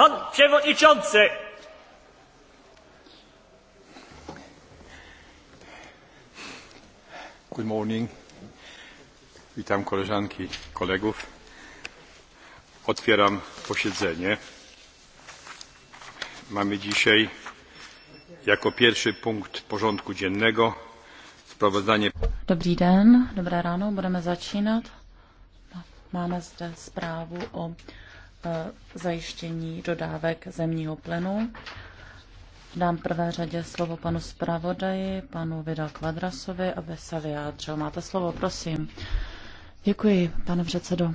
Pan przewodniczący! Good morning. Witam koleżanki, kolegów. Otwieram posiedzenie. Mamy dzisiaj jako pierwszy punkt porządku dziennego sprawozdanie. Dobrý den, dobré ráno, budeme začínat. Máme zde zprávu o Eh, zajištění dodávek zemního plynu. Dám prvé řadě slovo panu zpravodaji, panu Vidal Kvadrasovi, aby se vyjádřil. Máte slovo, prosím. Děkuji, pane předsedo.